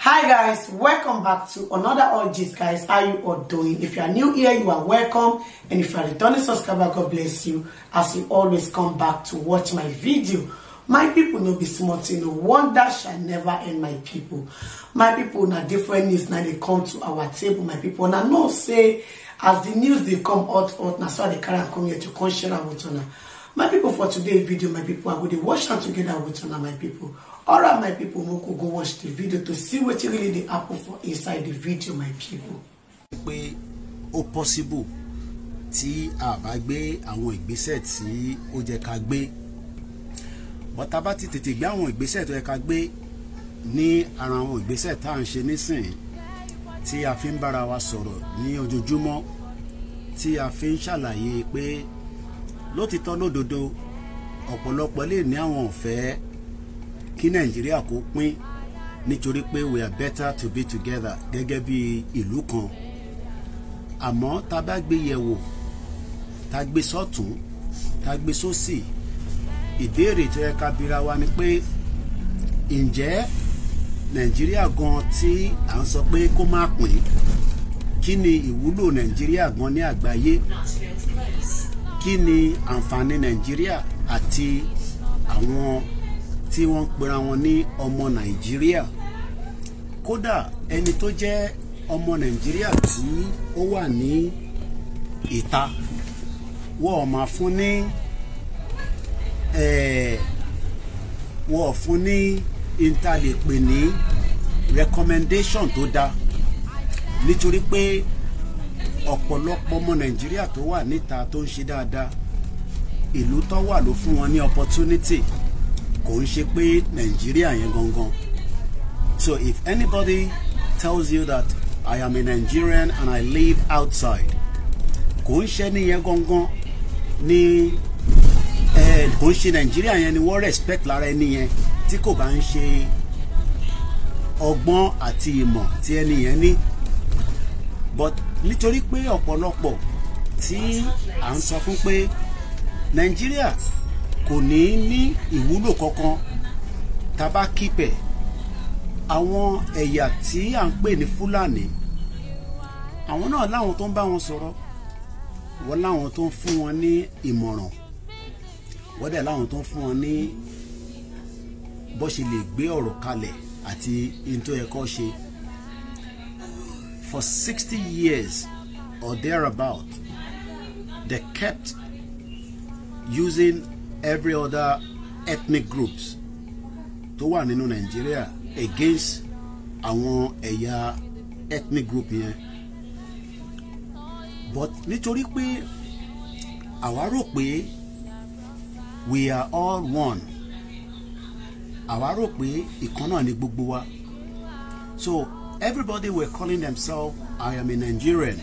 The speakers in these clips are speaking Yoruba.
hi guys welcome back to another all gist guys how you all doing if you are new here you are welcome and if you are returning subscriber god bless you as you always come back to watch my video my people no be small thing no wonder shall never end my people my people na different news Now they come to our table my people Now no say as the news they come out, out now so they dey come here to come share am with una my people for today's video my people i go dey watch am together with una my people all right my people mo go watch the video to see wetin really the apple for inside the video my people. pé ó possible Ti a bá gbé àwọn ìgbésẹ̀ tí ó jẹ́ ká But bọ́tà bá ti tètè gbé àwọn ìgbésẹ̀ tó yẹ ká gbé ní ara àwọn ìgbésẹ̀ tá à ń ṣe nísìnyí tí a fi ń bára wa sọ̀rọ̀ ní ojoojúmọ́ tí a fi ń ṣàlàyé pé lótìtọ́ lódodo ọ̀pọ̀lọpọ̀ lè ní àwọn ọ̀fẹ́ kí nàìjíríà kó pín nítorí pé we are better to be together gẹ́gẹ́ bí ìlú kan àmọ́ tá a bá gbé yẹ̀wò tá a gbé sọ́tún tá a gbé sósì ìbéèrè tó yẹ ká bira wa ni pé ǹjẹ́ nàìjíríà gan tí à ń sọ pé kó má pín kí ni ìwúlò nàìjíríà gan ní àgbáyé kí ni àǹfààní nàìjíríà àti àwọn tí wọ́n ń pera wọn ní ọmọ nàìjíríà kódà ẹni tó jẹ́ ọmọ nàìjíríà tí ó wà ní ìta wọ́n máa fún ní wọ́n fún ní ìtàlẹ́pè ní recommendation tó dáa nítorí pé ọ̀pọ̀lọpọ̀ ọmọ nàìjíríà tó wà níta tó ń ṣe dáadáa ìlú tó wà ló fún wọn ní opportunity kò ń ṣe pé nàìjíríà yẹn gangan so if anybody tells you that I am a Nigerian and I live outside kò ń ṣe nìyẹn gangan ní kò ń ṣe nàìjíríà yẹn ni wọ́n respect lára ẹni yẹn tí kò bá ń ṣe ọgbọ́n àti ìmọ̀ tí ẹni yẹn ní but nítorí pé ọ̀pọ̀lọpọ̀ tí à ń sọ fún pé nàìjíríà kò ní ní ìwúlò kankan tá a àwọn ẹ̀yà tí à ń pè ní fúlàní àwọn náà láwọn tó ń bá wọn sọ̀rọ̀ wọ́n láwọn tó ń fún wọn ní ìmọ̀ràn wọ́n dẹ̀ láwọn tó ń fún wọn ní bó ṣe lè gbé ọ̀rọ̀ kalẹ̀ àti ntó ẹ̀kọ́ ṣe for sixty years or thereabout they kept using every other ethnic groups tó wà nínú Nigeria against àwọn ẹ̀yà ethnic group yẹn but nítorí pé àwa rò pé we are all one àwa rò pé ìkan náà ni gbogbo wa so everybody were calling themselves I am a Nigerian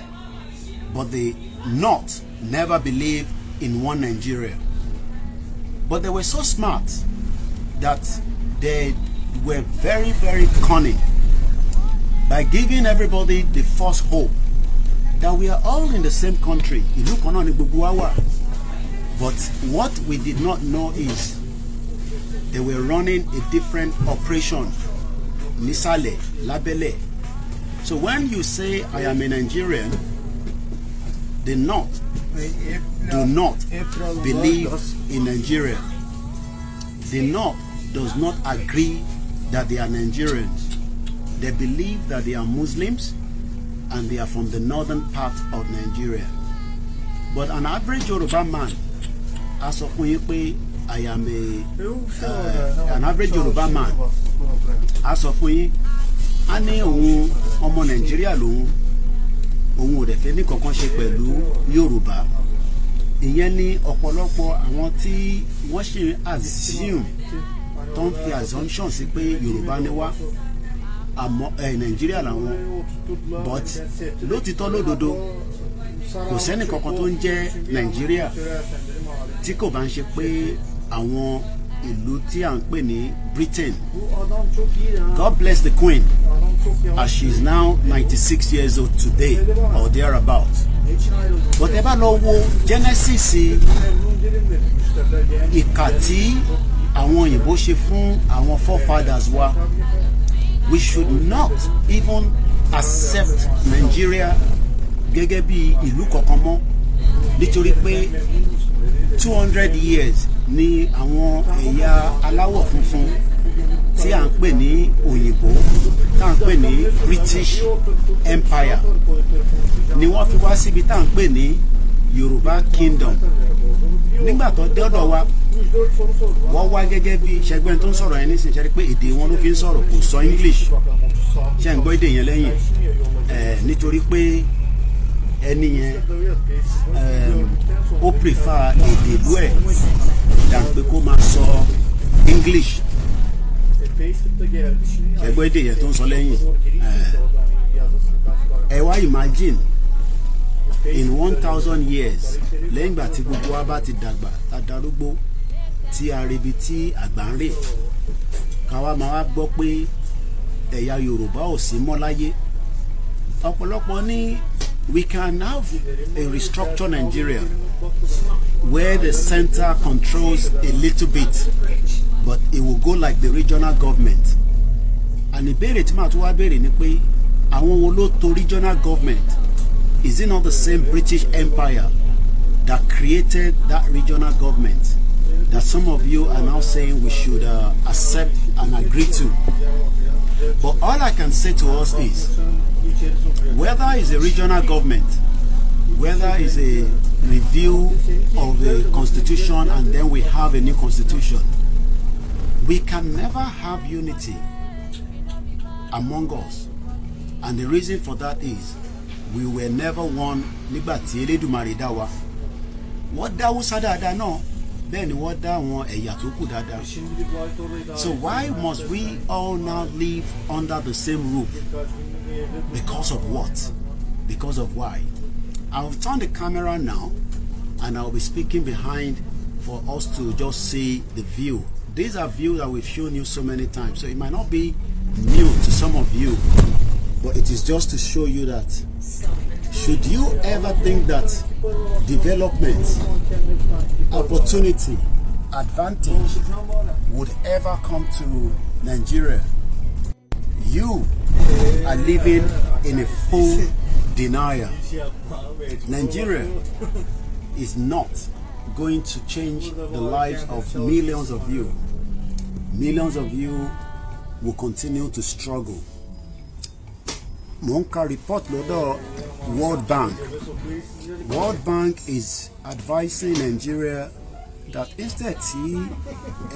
but they not never believe in one Nigeria But they were so smart that they were very, very cunning by giving everybody the false hope that we are all in the same country. Ìlú kan ni But what we did not know is they were running a different operation nísàlẹ̀ lábẹ́lẹ̀. So when you say I am a Nigerian, the North do not believe in Nigeria, the North does not agree that they are Nigerians. They believe that they are Muslims and they are from the northern part of Nigeria. But an average Yoruba man, a sọ I am a uh, an average Yoruba man, a sọ fún yín, ọmọ Nàìjíríà lòun, òun ò dẹ̀ fẹ́ ní ṣe pẹ̀lú Yorùbá. ìyẹn ni ọ̀pọ̀lọpọ̀ àwọn tí wọ́n ṣe assume tó ń fi assumption sí pé Yorùbá ni wá àmọ́ ẹ̀ eh, Nàìjíríà làwọn but lótìtọ́ lódodo kò sẹ́ni kankan tó ń jẹ́ Nàìjíríà tí kò bá ń ṣe pé àwọn ìlú tí à ń pè ní Britain God bless the Queen as she is now ninety six years old today or thereabout bọ̀tẹ́ bá lọ wo Genesis ìkà tí àwọn òyìnbó ṣe fún àwọn forefathers wa we should not even accept Nigeria gẹ́gẹ́ bí ìlú kankan mọ́ nítorí pé two hundred years ni àwọn ẹ̀yà aláwọ̀ funfun tí à ń pè ní òyìnbó tá ń pè ní British Empire ni wọ́n fi wá síbi tá ń pè ní Yorùbá Kingdom nígbà tó dọ́dọ̀ wa wọ́n wá gẹ́gẹ́ bí ṣẹgbẹ́ni tó ń sọ̀rọ̀ yẹn nísìnyí ṣẹ́rí pé èdè wọn ló fi ń sọ̀rọ̀ kò sọ English ṣe ń gbọ́ èdè yẹn lẹ́yìn nítorí pé ẹni yẹn ó prefer èdè ìlú ẹ̀ dàn pé kó máa sọ English ẹgbẹ́ èdè yẹn tó ń sọ lẹ́yìn eh, ẹ wá imagine in one thousand years lẹ́yìn ìgbà tí gbogbo wa bá ti dàgbà tá darúgbó tí a rebi tí àgbà ń rè káwa máa wá gbọ́ pé ẹ̀yà Yorùbá ò sí mọ́ láyé ọ̀pọ̀lọpọ̀ ní we can have a restructured Nigeria where the center controls a little bit but it will go like the regional government and ìbéèrè tí màá tún wá the ni pé àwọn wo ló to regional government is it not the same British Empire that created that regional government that some of you are now saying we should uh, accept and agree to but all I can say to us is whether it's a regional government whether it's a review of the constitution and then we have a new constitution we can never have unity among us. And the reason for that is we were never one nígbà tí Elédùmarè dá wa. Wọ́n dá Hausa náà bẹ́ẹ̀ ni wọ́n dá àwọn ẹ̀yà tó kù dáadáa. So why must we all now live under the same roof? Because of what? Because of why? I'll turn the camera now and I'll be speaking behind for us to just see the view these are views that we've shown you so many times. So it might not be new to some of you, but it is just to show you that should you ever think that development, opportunity, advantage would ever come to Nigeria, you are living in a full denial. Nigeria is not going to change the lives of millions of you. millions of you will continue to struggle. Mo ń ka report lọ́dọ̀ World Bank. World Bank is advising Nigeria that instead tí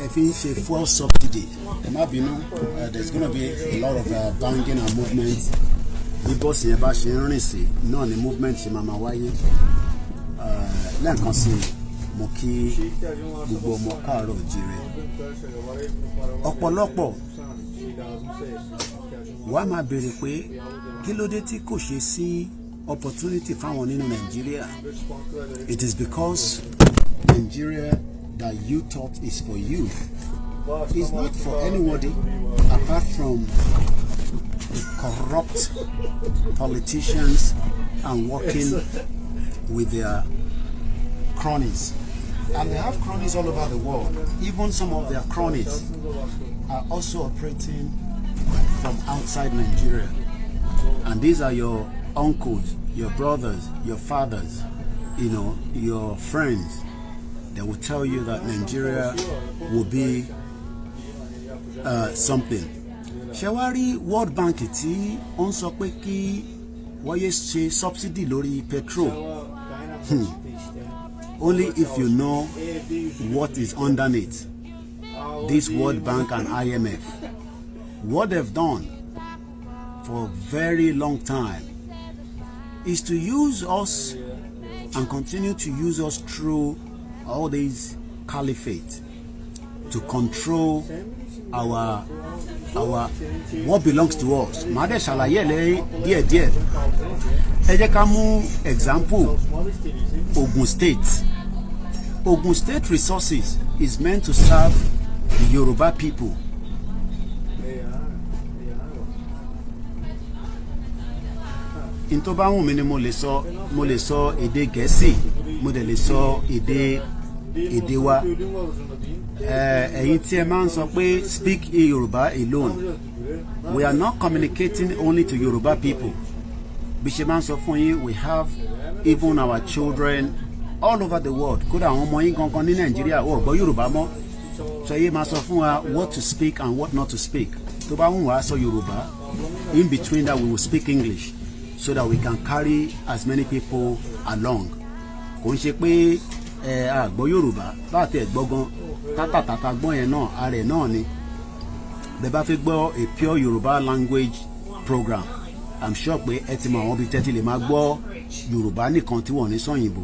ẹ fi ń ṣe fuel subsidy ẹ má bínú uh, there is gonna be a lot of uh, banging and movement bí bọ́ọ̀sì yẹn bá ṣe ń rìn sí náà ni movement ṣe máa ma wáyé uh, lẹ́ẹ̀kan sí i mo kí gbogbo ọmọ káàárọ̀ òjìrè ọ̀pọ̀lọpọ̀ wàá máa béèrè pé kí ló dé tí kò ṣe sí opportunity fáwọn nínú Nàìjíríà it is because Nigeria that you thought is for you is not for anybody apart from the corrupt politicians and working with their cronies. And they have cronies all over the world. Even some of their cronies are also operating from outside Nigeria. And these are your uncles, your brothers, your fathers, you know, your friends. They will tell you that Nigeria will be uh, something. Shawari World Bank tí ó ń sọ pé subsidy lórí petrol. Hmm. Only if you know what is underneath this World Bank and IMF. What they've done for a very long time is to use us and continue to use us through all these caliphate to control our our what belongs to us màá dẹ̀ ṣàlàyé ẹ̀ díẹ̀díẹ̀ ẹ jẹ́ ká example Ogun State. Ogun State Resources is meant to serve the Yoruba people. In tó bá wù mí ni mo lè sọ mo lè sọ èdè Gẹ̀ẹ́sì mo dẹ̀ lè sọ èdè èdè wa ẹ̀yin tí ẹ máa ń sọ pé speak Yoruba alone we are not communicating only to Yoruba people bí ṣe máa sọ fún yín we have even our children all over the world kódà àwọn ọmọ yín gangan ní nàìjíríà ò gbọ́ yorùbá mọ́ sọ yé máa sọ fún wa what to speak and what not to speak tó bá wù wá sọ yorùbá in between that we will speak english so that we can carry as many people along kò ń ṣe pé ẹ àgbọ́ yorùbá bá tẹ̀ gbọ́gan tátàtàtà gbọ́n yẹn náà ààrẹ náà ni bẹ́ẹ̀ bá fẹ́ gbọ́ a pure yorùbá language program i'm sure pé ẹ ti mọ àwọn ibi tẹ́tí lè máa gbọ́ yorùbá nìkan tí wọ́n ní sọ̀yìnbó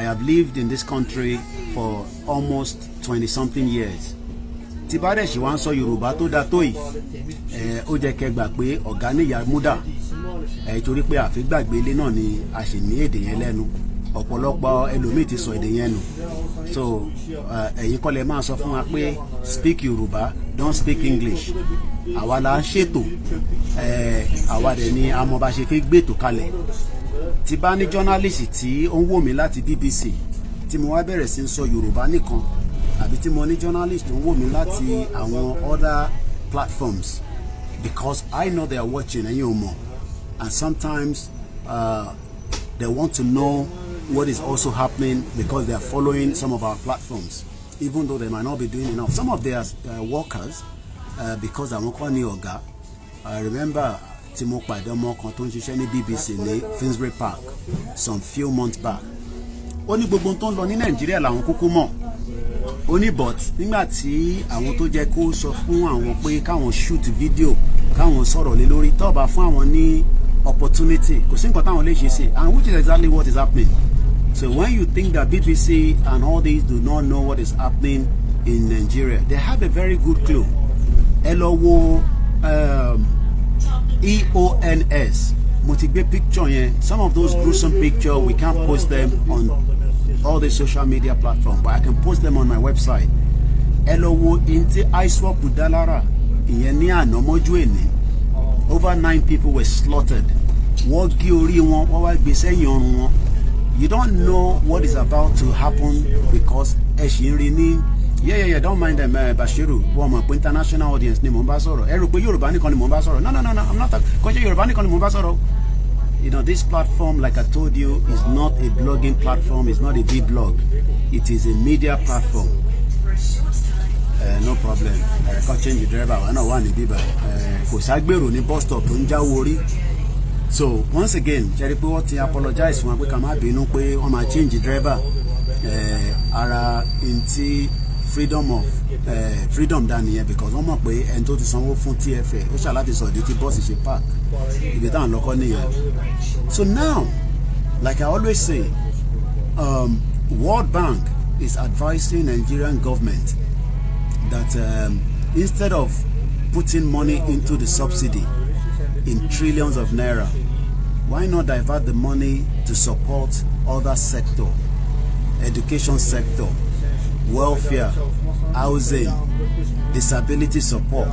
i have lived in this country for almost twenty something years tí bá dẹ̀ ṣì wá ń sọ yorùbá tó dáa tó yìí ẹ ó jẹ́ kẹ́ pé ọ̀gá níyà múdà ẹ torí pé àfi gbàgbé ilé náà ni a sì ní èdè yẹn lẹ́nu ọ̀pọ̀lọpọ̀ ẹlòmíì ti sọ èdè yẹn nù so eh, ẹ̀yin kọ́ lẹ máa sọ fún wa pé speak yorùbá don't speak english àwa la ń ṣètò eh, àwa dẹ̀ ni amọ̀báṣe fi gbètò kalẹ̀ tí bá ní journalist tí ó ń wò mí láti bbc tí mo wá bẹ̀rẹ̀ sí ń sọ yorùbá nìkan àbí tí mo ní journalist tó ń wò mí láti àwọn other platforms because i know they are watching ẹ̀yin ò mọ̀ and sometimes uh, they want to know what is also happening because they are following some of our platforms, even though they might not be doing enough. Some of their uh, workers, uh, because I'm kan ní ọ̀gá, I remember tí mo pàdé ọmọ BBC ní Finsbury Park some few months back. Only ní gbogbo tó ń lọ ní Nàìjíríà làwọn kúkú mọ̀ ó but nígbà tí àwọn tó jẹ́ kó sọ fún àwọn pé káwọn shoot video káwọn sọ̀rọ̀ lé lórí tọ́ọ̀bà fún àwọn ní opportunity kò sí nǹkan táwọn lè ṣe sí and which is exactly what is happening So when you think that BBC and all these do not know what is happening in Nigeria, they have a very good clue. Elowo um, EONS. Multigbe picture yẹn. Some of those gruesome pictures, we can't post them on all the social media platform, but I can post them on my website. Elowo Inti Aiswa Budalara. Ìyẹn ní àná mọ́jú èní. Over nine people were slaughtered. Wọ́n gé orí wọn, wọ́n wá gbé sẹ́yìn you don't know what is about to happen because ẹ ṣì ń rí ní yeah yeah yeah don't mind them uh, Bashiru wọn mọ̀ pé international audience ni mò ń bá sọ̀rọ̀ ẹ rò pé Yorùbá nìkan ni mò ń bá sọ̀rọ̀ no no no no i'm not kọjá Yorùbá nìkan ni mò ń bá sọ̀rọ̀ you know this platform like i told you is not a blogging platform it's not a big blog it is a media platform uh, no problem uh, kọ́ change the driver wa náà one ní bíbá uh, kò ságbèrò ní bus stop tó ń so once again jẹ́rìí pé wọ́n ti apologize fún wa pé ká má bínú pé wọ́n máa change driver eh, ara ntí freedom of uh, freedom dá nìyẹn because wọ́n mọ̀ pé ẹni tó ti sanwó fún tfa ó ṣà láti sọ ìdí tí bọ́ọ̀sì ṣe park ibi táwọn lọ́kọ́ nìyẹn so now like i always say um, world bank is advising nigerian government that um, instead of putting money into the subsidy in trillions of naira why not divert the money to support other sector, education sector, welfare, housing, disability support.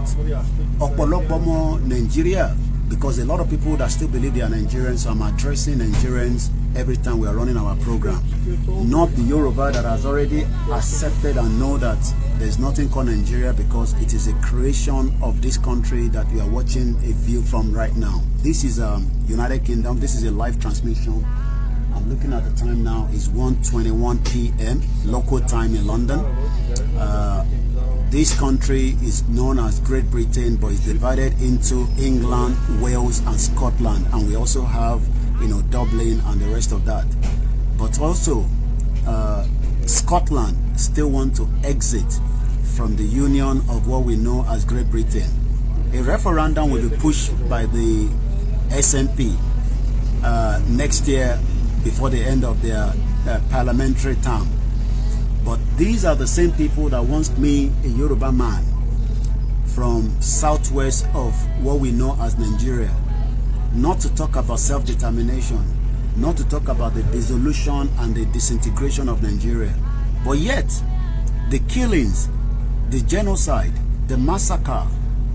Ọ̀pọ̀lọpọ̀ ọmọ Nigeria because a lot of people that still believe they are Nigerians, so I'm addressing Nigerians every time we are running our program. Not the Yoruba that has already accepted and know that there's nothing called Nigeria because it is a creation of this country that we are watching a view from right now. This is um, United Kingdom. This is a live transmission. I'm looking at the time now. It's 1.21 p.m. local time in London. Uh, this country is known as Great Britain, but it's divided into England, Wales, and Scotland. And we also have you know, Dublin and the rest of that. But also, uh, Scotland still want to exit from the union of what we know as Great Britain. A referendum will be pushed by the SNP uh, next year before the end of their uh, parliamentary term. But these are the same people that once me, a Yoruba man, from southwest of what we know as Nigeria, not to talk about self-determination, not to talk about the dissolution and the disintegration of Nigeria. But yet, the killings, the genocide, the massacre,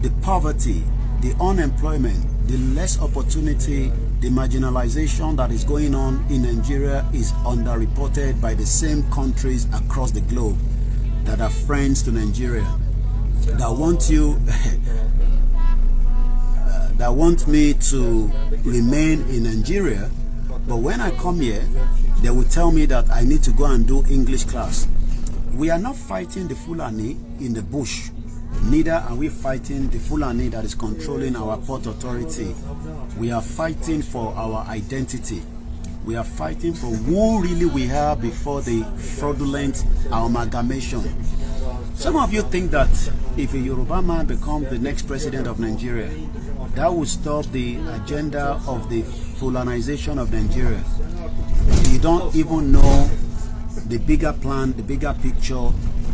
the poverty, the unemployment, the less opportunity, the marginalization that is going on in Nigeria is underreported by the same countries across the globe that are friends to Nigeria, that want you that want me to remain in Nigeria, but when I come here, they will tell me that I need to go and do English class. We are not fighting the Fulani in the bush. Neither are we fighting the Fulani that is controlling our port authority. We are fighting for our identity. We are fighting for who really we are before the fraudulent amalgamation. Some of you think that if a Yoruba man becomes the next president of Nigeria, that will stop the agenda of the fulanization of Nigeria. You don't even know the bigger plan, the bigger picture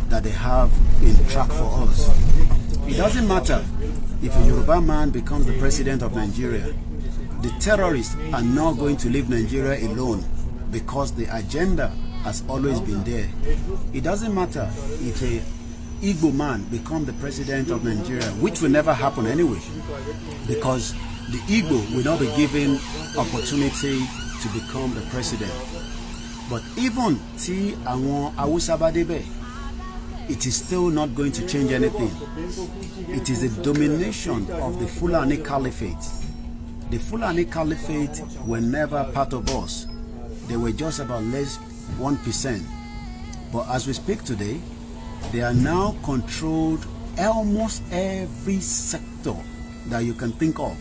that they have in track for us. It doesn't matter if a Yoruba man becomes the president of Nigeria. The terrorists are not going to leave Nigeria alone because the agenda has always been there. It doesn't matter if a Igbo man become the president of Nigeria, which will never happen anyway, because the Igbo will not be given opportunity to become the president. But even tí àwọn Hausa it is still not going to change anything. It is the domination of the Fulani Caliphate. The Fulani Caliphate were never part of us. They were just about less 1%. But as we speak today, they are now controlled almost every sector that you can think of.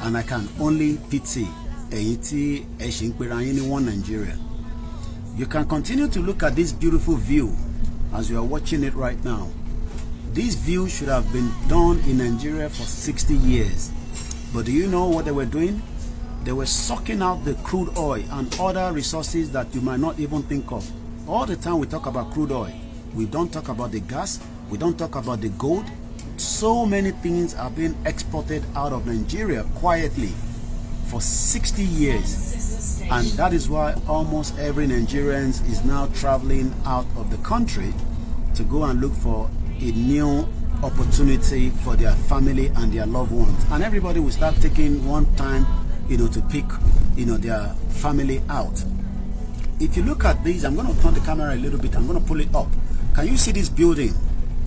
And I can only pity Eiti Eshinkwerayini in Nigeria. You can continue to look at this beautiful view as you are watching it right now. This view should have been done in Nigeria for 60 years. But do you know what they were doing? They were sucking out the crude oil and other resources that you might not even think of. All the time we talk about crude oil. We don't talk about the gas. We don't talk about the gold. So many things are being exported out of Nigeria quietly for 60 years. And that is why almost every Nigerian is now traveling out of the country to go and look for a new opportunity for their family and their loved ones. And everybody will start taking one time, you know, to pick, you know, their family out. If you look at these, I'm going to turn the camera a little bit. I'm going to pull it up. Can you see this building?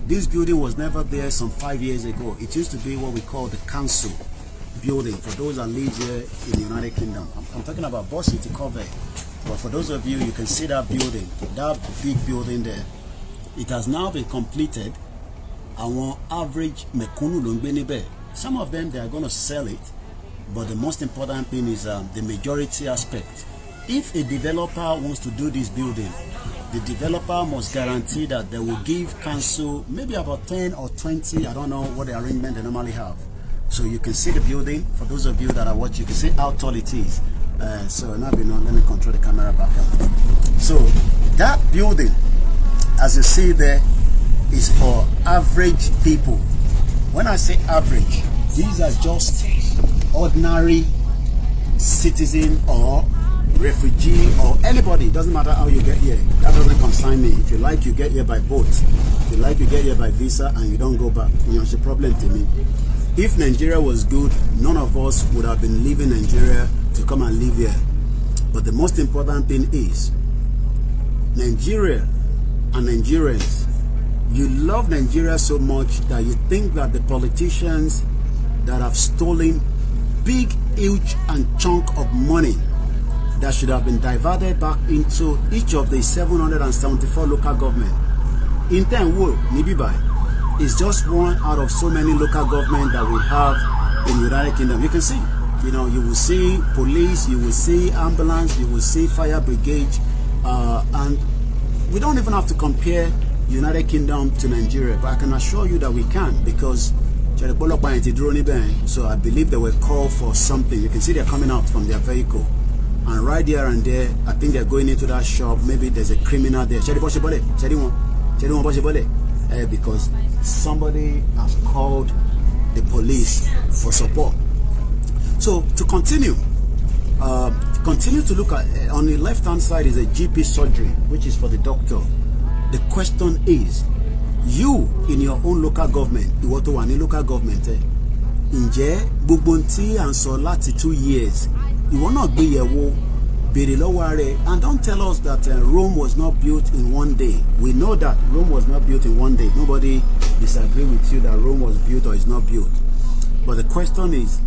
This building was never there some five years ago. It used to be what we call the council building for those that live here in the United Kingdom. I'm, I'm talking about Boss City Covet. But for those of you, you can see that building, that big building there. It has now been completed. Àwọn average mẹ̀kúnnù ló ń gbé níbẹ̀. Some of them, they are going to sell it. But the most important thing is um, the majority aspect. If a developer wants to do this building, the developer must guarantee that they will give council maybe about 10 or 20, I don't know what the arrangement they normally have. So you can see the building. For those of you that are watching, you can see how tall it is. Uh, so now you know, let me control the camera back up. So that building, as you see there, is for average people. When I say average, these are just ordinary citizen or refugee or anybody, doesn't matter how you get here. That doesn't concern me. If you like, you get here by boat. If you like, you get here by visa and you don't go back. You know, a problem to me. If Nigeria was good, none of us would have been leaving Nigeria to come and live here. But the most important thing is, Nigeria and Nigerians, you love Nigeria so much that you think that the politicians that have stolen big, huge and chunk of money that should have been diverted back into each of the 774 local government. In ten Tenwo, Nibibai is just one out of so many local government that we have in the United Kingdom. You can see, you know, you will see police, you will see ambulance, you will see fire brigade, uh, and we don't even have to compare United Kingdom to Nigeria, but I can assure you that we can because so I believe they were called for something. You can see they're coming out from their vehicle. and right there and there i think they're going into that shop maybe there's a criminal there ṣe rí bọ́ ṣe bọ́lẹ̀ ṣe rí wọn ṣe rí wọn bọ́ eh, because somebody has called the police for support so to continue uh, continue to look at uh, on the left hand side is a GP surgery which is for the doctor the question is you in your own local government ìwọ tó wà ní local government ẹ eh, ǹjẹ́ gbogbo ohun tí à ń sọ two years not be a war. Be lọ́wọ́ worry, and don't tell us that uh, Rome was not built in one day we know that Rome was not built in one day nobody disagree with you that Rome was built or is not built but the question is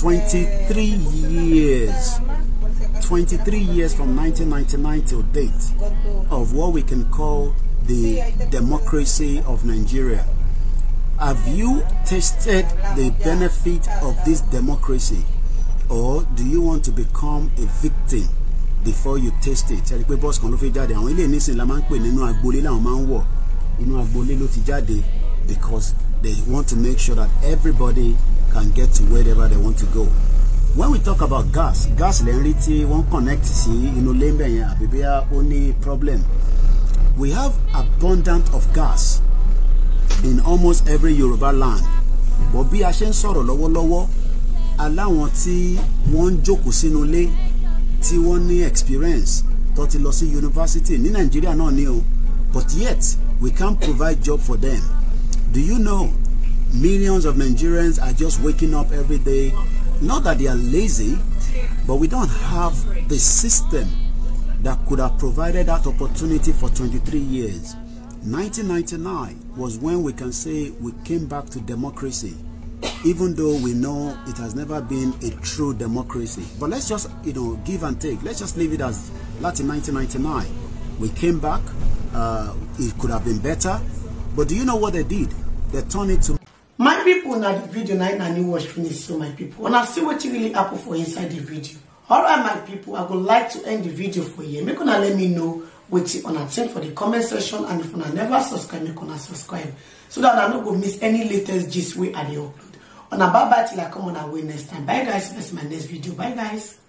23 years 23 years from 1999 till date of what we can call the democracy of Nigeria have you tasted the benefit of this democracy or do you want to become a victim before you taste it ẹ rí i pé bọ́ọ̀sì kan ló fi jáde àwọn ilé ìnísìn la máa ń pè nínú agboolé làwọn máa ń wọ̀ inú agboolé ló ti jáde because they want to make sure that everybody can get to wherever they want to go when we talk about gas gas lè ń rí tí wọ́n connect sí inú lẹ́mbẹ̀ yẹn àbí bí ó ní problem we have abundant of gas in almost every Yorùbá land but bí a ṣe ń sọ̀rọ̀ lọ́wọ́lọ́wọ́ aláwọn tí wọ́n ń jókòó sínú ilé tí wọ́n ní experience tó ti lọ sí yunifásitì ní nàìjíríà náà ni o but yet we can't provide job for them do you know millions of Nigerians are just waking up every day not that they are lazy but we don't have the system that could have provided that opportunity for 23 years 1999 was when we can say we came back to democracy even though we know it has never been a true democracy. But let's just, you know, give and take. Let's just leave it as Latin 1999. We came back. Uh, it could have been better. But do you know what they did? They turned it to... My people, now the video, now I new watch finish, so my people. And I see what you really happen for inside the video. Alright, my people, I would like to end the video for you. Make gonna let me know what you wanna for the comment section. And if you never subscribe, make gonna subscribe. So that I don't go miss any latest gist way I upload. on a bye till I come on away next time. Bye guys, that's my next video. Bye guys.